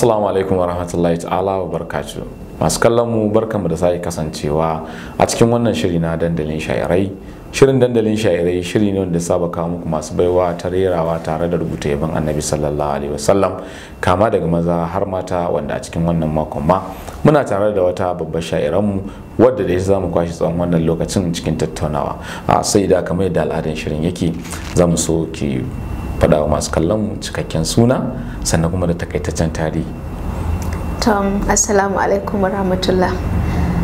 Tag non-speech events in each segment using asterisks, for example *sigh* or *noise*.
assalamu alaikum wa rahmatullahi ta'ala wa barkatu masu kallon mu mu da sake kasancewa a cikin wannan shiri na dandalin shayarai shirin dandalin shayarai shiri ne wanda saba kawo muku masu baiwa ta rerawa tare da rubuta yaban annabi sallallahu alaihi wasallam kama daga maza har mata wanda a cikin wannan makon ma muna tare da wata babbar mu wadda da ya za kwashi kwashe tsawon wannan lokacin cikin tattaunawa sai da kamar yadda al'adan shirin yake zamu mu so ki faɗa wa masu kallon cikakken suna sannan kuma da takaitaccen tarihi tom assalamu alaikum rahmatullah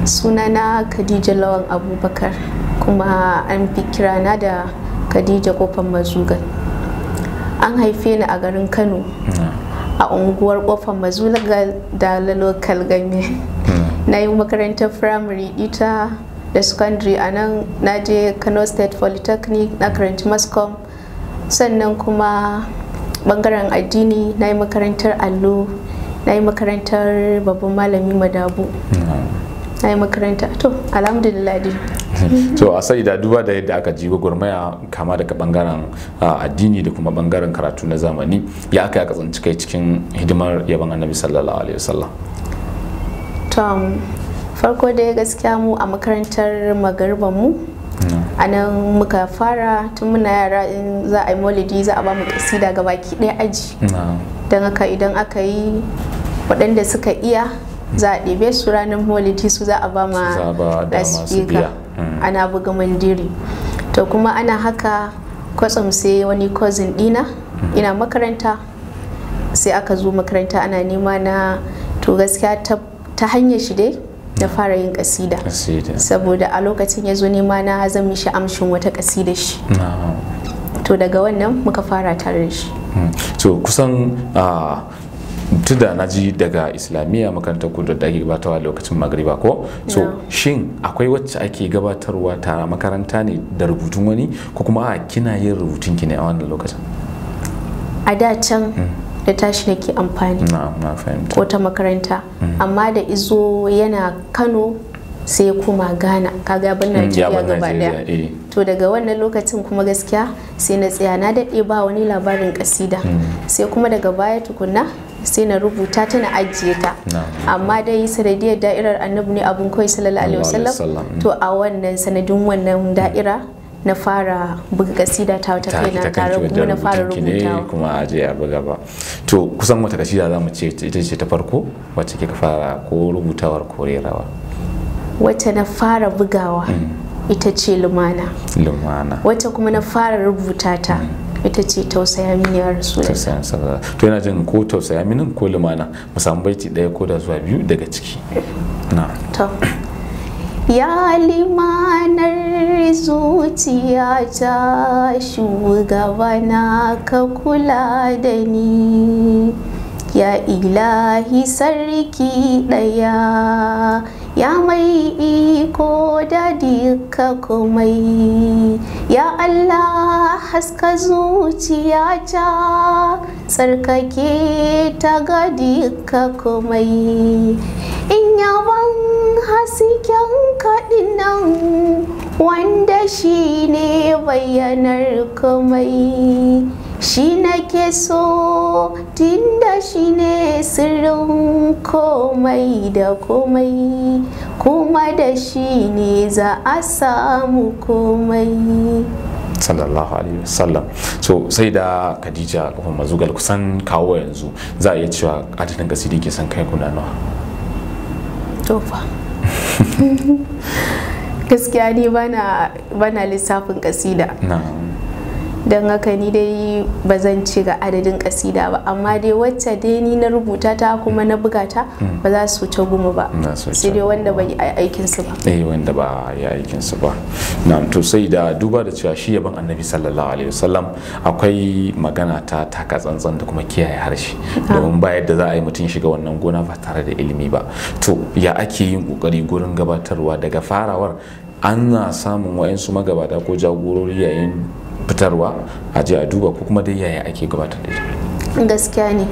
Suna na khadija lawan abubakar kuma an fi kirana da khadija kofar mazugan an haife ni a garin kano hmm. a unguwar kofar Mazugal da lalokal ganye. Hmm. na yi makarantar firamare ita da secondary a nan na je kano state polytechnic na karanci mascom sannan kuma bangaren addini na yi makarantar allo na yi makarantar babban malami madabu na yi makaranta to alhamdulillah dai *laughs* to a sai da duba da yadda aka ji gwagwarmaya kama daga bangaren addini da kuma bangaren karatu na zamani ya aka ya kai cikin hidimar yaban annabi sallallahu alaihi wasallam to farko dai gaskiya mu a makarantar magarban mu a muka fara tun muna yara in za a yi molidi za a ba mu kasida ga baki ɗaya aji don haka idan aka yi waɗanda suka iya za a ɗebe su ranar molidi su za a ba ma lasfika mm. ana buga mandiri to kuma ana haka kwatsam sai wani cousin dina mm. ina makaranta sai aka zo makaranta ana nema na to gaskiya ta hanyar shi dai na fara yin kasida saboda a lokacin ya zo nema na zan mishi amshin wata kasida shi to daga wannan muka fara tare da shi to hmm. kusan ah, tunda na ji daga islamiyya makarantar kudu da ake gabatarwa lokacin magariba ko so shin akwai wacce ake gabatarwa tara makaranta ne da rubutun wani ko kuma a kina yin rubutun ki ne a wannan lokacin a da can hmm. da tashi nake amfani ko ta makaranta mm. amma da izo yana kano sai kuma gana kaga mm, najeriya gaba daya eh. to daga wannan lokacin kuma gaskiya sai na tsaya na daɗe ba wani labarin kasida mm. sai kuma daga baya tukunna sai na rubuta ta na ajiye ta amma dai sanadiyar da'irar annabi ne abun kawai sallallahu alaihi wasallam to a wannan sanadin wannan da'ira na fara buga kasida ta wata kaina tare kuma na fara rubutawa kuma aje a buga ba to kusan wata kasida za mu ce ita ce ta farko wacce kika fara ko rubutawar ko rerawa wacce na fara bugawa mm. ita ce lumana lumana wacce kuma na fara rubuta ta mm. ita ce tausaya mini ya rasu to yana jin ko tausaya mini ko lumana mu samu baiti daya ko da zuwa biyu daga ciki na ya limanar zuciya ta shugabana ka kula da ni ya ilahi sarki ɗaya ya mai iko da duka komai ya Allah haska zuciyata tsarkake ta ga duka komai in yawan hasken kaɗin nan wanda shi ne bayyanar kumai. shi nake so tunda shi ne sirrin komai da komai kuma da shi ne za a samu komai sallallahu alaihi wasallam so sai da khadija kuma zugal kusan kawo yanzu za a iya cewa adadin gasidi ke son kai guda nawa tofa *laughs* gaskiya ne bana lissafin kasida don haka ni dai ba zan ci ga adadin kasida ba amma dai wacce dai ni na rubuta ta kuma na buga ta hmm. ba za su wuce gumu ba sai dai wanda ba yi aikin su ba eh wanda ba yi aikin su ba na'am to sai da duba da cewa shi yaban annabi sallallahu alaihi wasallam akwai magana ta taka tsantsan da kuma kiyaye harshe domin ba yadda za a yi mutum shiga wannan gona ba tare da ilimi ba to ya ake yin kokari gurin gabatarwa daga farawar ana samun wa'insu magabata ko jagorori yayin fitarwa a je a duba ko kuma dai yaya ake gabatar da ita gaskiya ne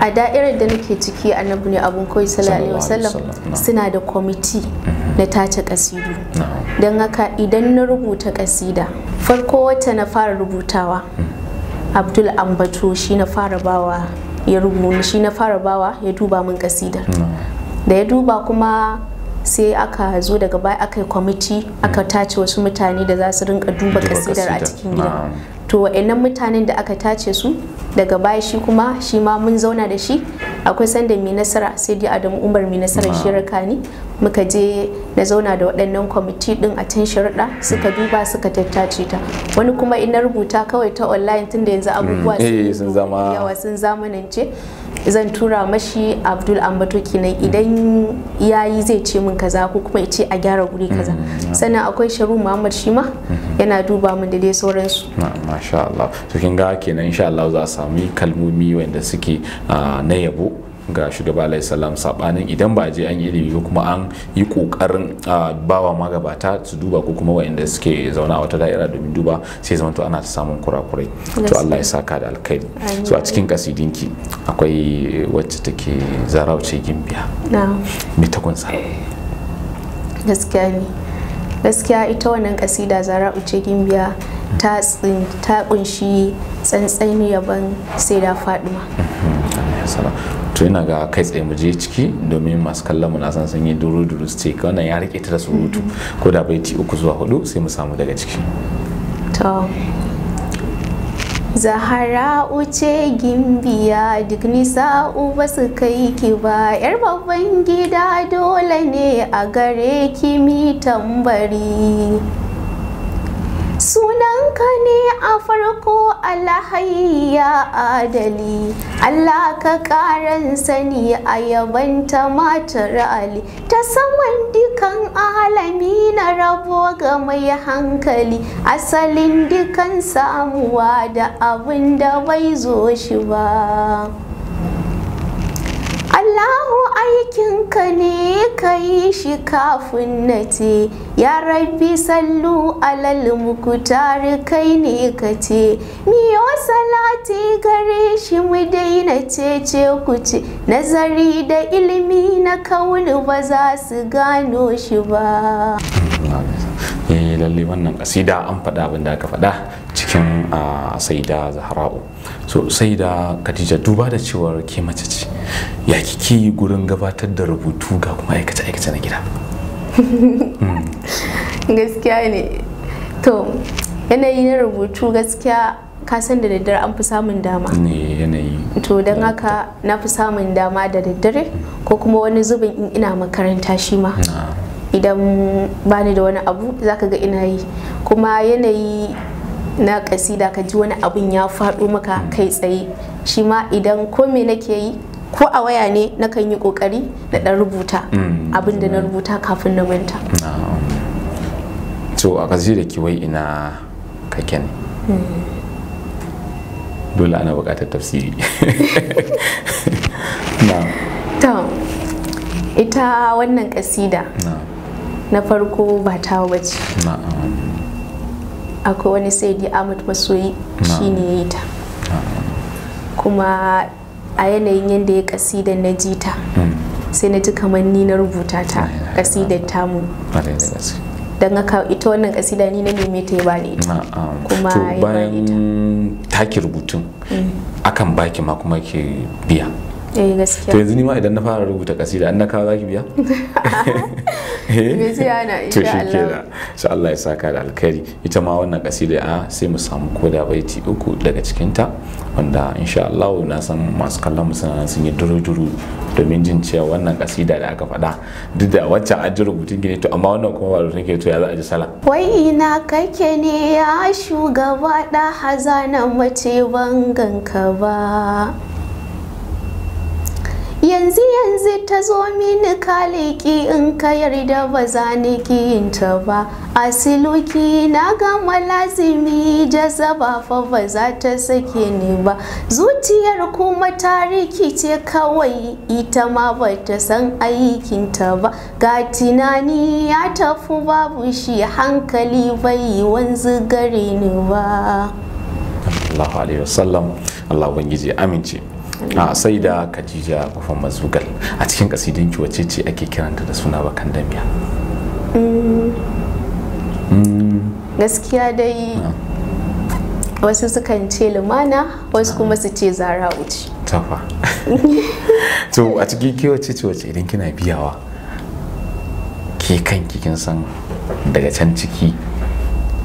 a da'irar da nake ciki annabi ne abun koyi sallallahu wasallam suna da kwamiti mm-hmm. na tace kasidu don haka idan na rubuta kasida farko wata na fara rubutawa mm-hmm. abdul ambato shi na fara bawa ya rubu shi na fara bawa ya duba min kasida da ya duba kuma sai aka zo daga baya aka yi kwamiti aka tace wasu mutane da za su rinka duba kasidar a cikin gida to wa'annan mutanen da aka tace su daga baya shi kuma shi ma mun zauna da shi akwai sanda mai nasara sai dai adamu umar mai nasara shirka ne muka je na zauna da waɗannan kwamiti ɗin a can shirɗa suka duba suka tattace ta wani kuma ina rubuta kawai ta online tunda yanzu mm-hmm. abubuwa sun eh, zama yawa sun zamanance zan tura mashi abdul ambato kenan mm-hmm. idan ya yi zai ce min kaza ko kuma ya ce a gyara guri kaza mm-hmm. sannan akwai sharu muhammad shima yana duba min da dai sauransu masha Allah to kin ga kenan insha Allah za a sami kalmomi wanda suke ah, na yabo ga shugaba alaihi salam sabanin idan ba je an yi ilimi ba kuma an yi kokarin bawa magabata su duba ko kuma waɗanda suke zauna a wata da'ira domin duba sai zama to ana samun kurakurai to Allah ya saka da alkhairi so a cikin kasidinki akwai wacce take zarauce gimbiya me ta kunsa gaskiya ne gaskiya ita wannan kasida zarauce gimbiya ta kunshi tsantsan yaban sai da faduma mhm. to yana ga kai tsaye mu je ciki domin masu kallon mu na san sun yi duru duru su ce wannan ya rike ta da surutu mm-hmm. ko da baiti uku zuwa hudu sai mu samu daga ciki to zahara uce gimbiya duk nisa uba su kai ki ba yar babban gida dole ne a gare ki mi tambari ka ne a farko alhayya adali Allah ka karan sani a yaban ta matar ali ta saman dukan alami na rabo ga mai hankali asalin dukan samuwa da abin da bai zo shi ba aikinka ne ka yi shi kafin na ce ya rabbi sallu alal mukutari kai ne ka ce miyo salati gare shi mu daina ce ce ku ce nazari da ilimi na kaunu ba za su gano shi ba eh, lalle wannan kasida an faɗa abin da aka faɗa cikin ah, saida zahra'u so sai da katija duba da cewar ke mace ce ya kike yi gurin gabatar da rubutu ga kuma aikace aikace na gida *laughs* gaskiya ne to yanayi na rubutu gaskiya ka san da daddare an fi samun dama ne yanayi to don haka na fi samun dama da daddare ko kuma wani zubin in ina makaranta shi ma idan bani da wani abu zaka ga ina yi kuma yanayi na kasida ka ji wani abin ya faɗo maka hmm. kai tsaye shi ma idan ko me nake yi ko a waya ne na kan yi kokari da dan rubuta hmm. abin da na hmm. rubuta kafin na manta to a kasi da kiwai ina kaken dole ana buƙatar tafsiri *laughs* to ita wannan kasida na farko ba ta wace akwai wani saidi ahmad masoyi shine ya yi ta kuma a yanayin yadda ya kasida na ji ta hmm. sai na ji kamar ni na rubuta ta kasidar tamu don haka ita wannan kasida ni na neme ta ya bani ita kuma ya ita bayan taki rubutun hmm. akan baki ma kuma ke biya Eh, to yanzu ni ma idan na fara rubuta kasida an na kawo zaki biya *laughs* eh? to shi ke da sai Allah ya saka da alkhairi ita ma wannan kasida a ah, sai mu samu koda baiti uku daga cikin ta wanda insha Allah na san masu kallon mu sun yi duru-duru domin jin cewa wannan kasida da aka faɗa duk da wancan an ji rubutun gine to amma wannan kuma ba rubutun ke to ya za a ji sala wai ina kake ne ya shugaba da hazanan mace ban ganka ba yanzu yanzu ta zo mini kaliki in ka yarda ba za ni kiyinta ba asiluki na gama lazimi jazaba fa ba za ta sake ni ba zuciyar kuma ta rikice kawai ita ma ba ta san aikinta ba ga tunani ya tafi babu shi hankali bai wanzu gare ni ba Allahu alaihi wasallam Allah ubangiji amince a sai da Khadija kufan Mazugal a cikin kasidinki wacce ce ake kiranta da suna bakan damiya mm. Mm. gaskiya dai wasu sukan ce lumana wasu kuma su ce zara wuce tafa *laughs* to a cikin kewace ce wace idan kina biyawa ke kanki kin san daga can ciki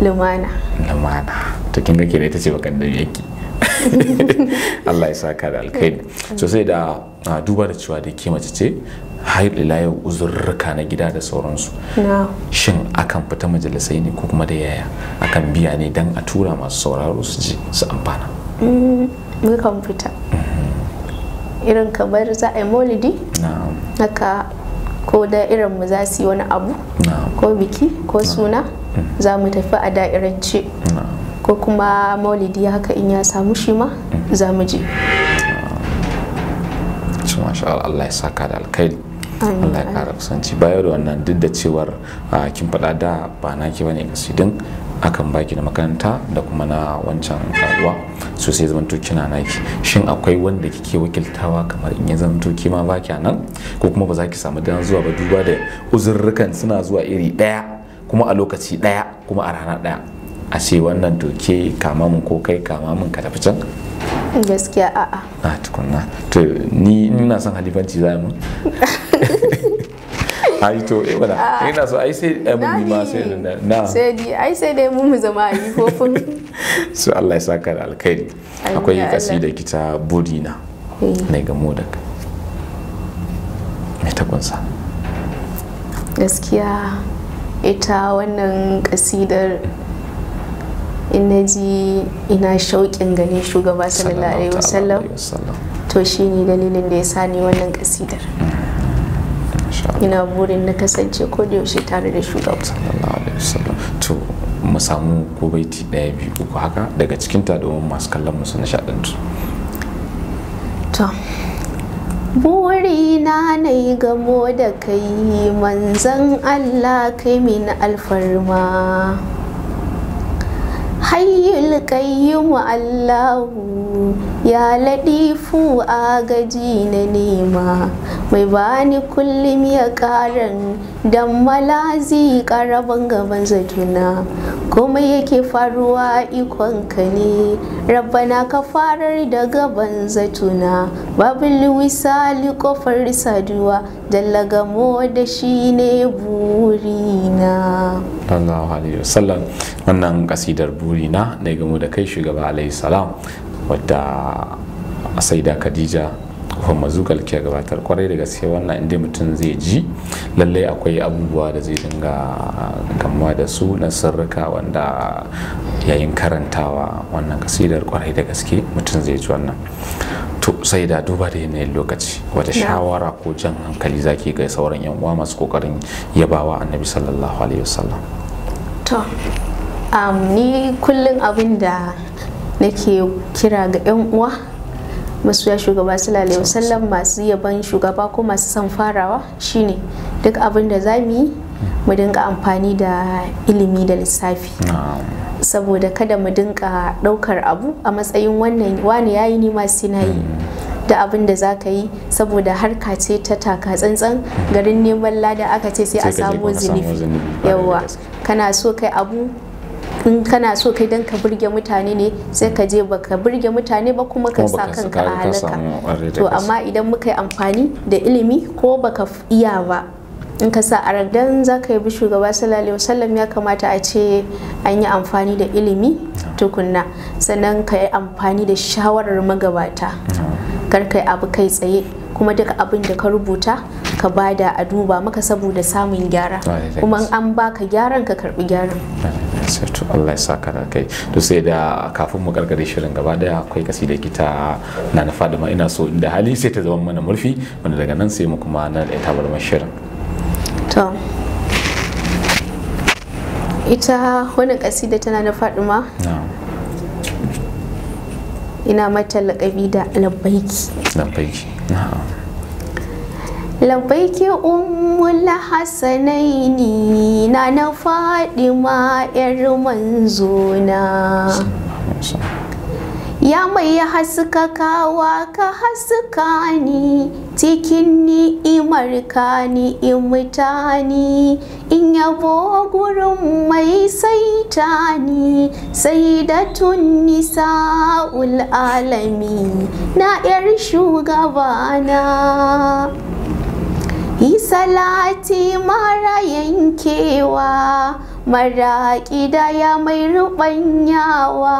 lumana lumana to kin ga ke da ita ce bakan damiya ki *laughs* Allah ya saka da alkhairi so sai da duba da cewa da ke mace ce har ila yau uzurruka na gida da sauransu shin akan fita majalisai ne ko kuma da yaya akan biya ne dan a tura masu sauraro su ji su amfana mm, mukan fita mm-hmm. irin kamar za a yi maulidi haka ko da irin mu za su yi wani abu ko biki ko suna mm-hmm. za mu tafi a da'irance ko kuma maulidi haka in ya samu shi ma za mu je Allah ya saka da alkhairi Allah ya kara kusanci bayo da wannan duk da cewar kin faɗa da ba na ki bane kasidin akan baki da makaranta da kuma na wancan karuwa su sai zamanto kina naki shin akwai wanda kike wakiltawa kamar in ya zamanto kima baki nan ko kuma ba za ki samu dan zuwa ba duba da uzurrukan suna zuwa iri ɗaya kuma a lokaci ɗaya kuma a rana ɗaya a ce wannan doke kama mun ko kai kama mun ka tafi can gaskiya a'a a tukunna to ni ina son halifanci za mu *laughs* ai to eh wala ina so ai sai eh, mun ma sai na sai di ai sai dai mun mu zama ai kofin *laughs* so Allah ya saka da alkhairi akwai kasida kita burina eh. na ga modak me ta kunsa gaskiya ita wannan kasidar in ji ina shauƙin ganin shugaba sallallahu alaihi wasallam to shi ne dalilin da ya sa ni wannan kasidar ina burin na kasance ko da yaushe tare da shugaba sallallahu alaihi wasallam to mu samu ko baiti ɗaya biyu uku haka daga cikin ta domin masu kallon mu su nishaɗantu to burina na yi gamo da kai manzan allah kai min alfarma hayyul qayyum allahu ya ladifu agaji na nema mai bani kullum ya karan dan malazi karaban gaban zatuna kuma yake faruwa ikon ka ne rabbana ka farar da gaban zatuna Babu wisali kofar saduwa dallagamo da shi ne burina sallallahu alaihi wasallam wannan kasidar burina da gamo da kai shugaba alaihi salam wadda saida khadija kofar mazugal ke gabatar kwarai da gaske wannan inda mutum zai ji lallai akwai abubuwa da zai dinga gamuwa da su na sirrika wanda yayin karantawa wannan kasidar kwarai da gaske mutum zai ji wannan to sai da duba da yanayin lokaci wata shawara ko jan hankali zaki ga sauran yan uwa masu kokarin yabawa annabi sallallahu alaihi wasallam to ni kullum abin da nake kira ga 'yan uwa masu ya shugaba sallallahu alaihi wasallam masu yaban shugaba ko masu son farawa shine duk abin da za mu yi mu dinga amfani da ilimi da lissafi saboda kada mu dinga daukar abu a matsayin wannan wani yayi ni ma na yi hmm. da abin da za ka yi saboda harka ce ta taka tsantsan garin neman lada aka ce sai a samu zunubi yawa kana so kai abu in kana so kai dan ka burge mutane ne sai ka je baka burge mutane ba kuma ka sa kanka a halaka to amma idan muka yi amfani da ilimi ko baka iya ba in ka sa a dan za ka yi bi shugaba sallallahu wasallam ya kamata a ce an yi amfani da ilimi tukunna sannan ka yi amfani da shawarar magabata kar kai yi abu kai tsaye kuma duka abin da ka rubuta ka bada a duba maka saboda samun gyara kuma an baka gyaran ka karbi gyaran sai to Allah ya saka da kai to sai da kafin mu karkare shirin gaba daya akwai kasidar kita na na fadima ina so inda hali sai ta zama mana murfi wanda daga nan sai mu kuma na da ita barmar shirin to ita wani kasida tana na fadima ina mata laƙabi da labbaiki labbaiki na'am labbaiki ummul hasanaini na na fadima yar manzona ya mai haskakawa ka haska ni cikin ni'imar ka ni'imta ni in yabo gurin mai saita ni sai da nisa'ul alami na 'yar shugabana salati mara yankewa mara ya mai ruɓanyawa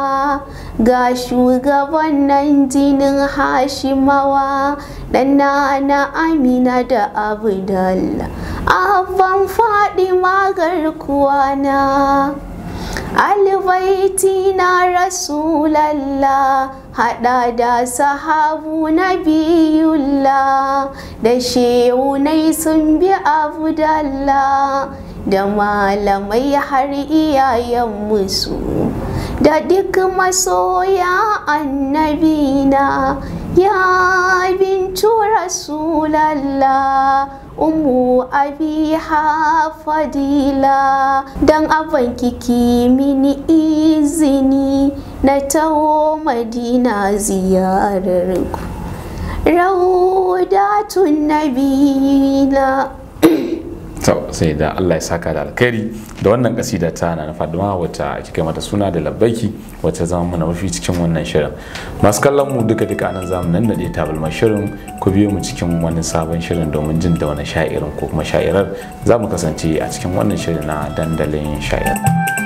ga shugaban nan jinin hashimawa ɗana na amina da Abudallah, abban faɗi magar kuwana albaiti na rasulallah hada da sahabu na biyullah da shehunai sun bi abu dalla da malamai har iyayen musu da duk masoya annabina ya bincu rasulallah Umu abiha fadila dan aban kiki mini izini na tawo madina ziyararku, rauda nabila to sai da Allah ya saka da alkhairi da wannan kasida ta na na wata ake kika mata suna da labbaiki wacce zama mana mafi cikin wannan shirin masu kallon mu duka duka anan zamu nan tabulmar shirin ku biyo mu cikin wani sabon shirin domin jin da wani sha'irin ko kuma sha'irar zamu kasance a cikin wannan shirin na dandalin sha'irar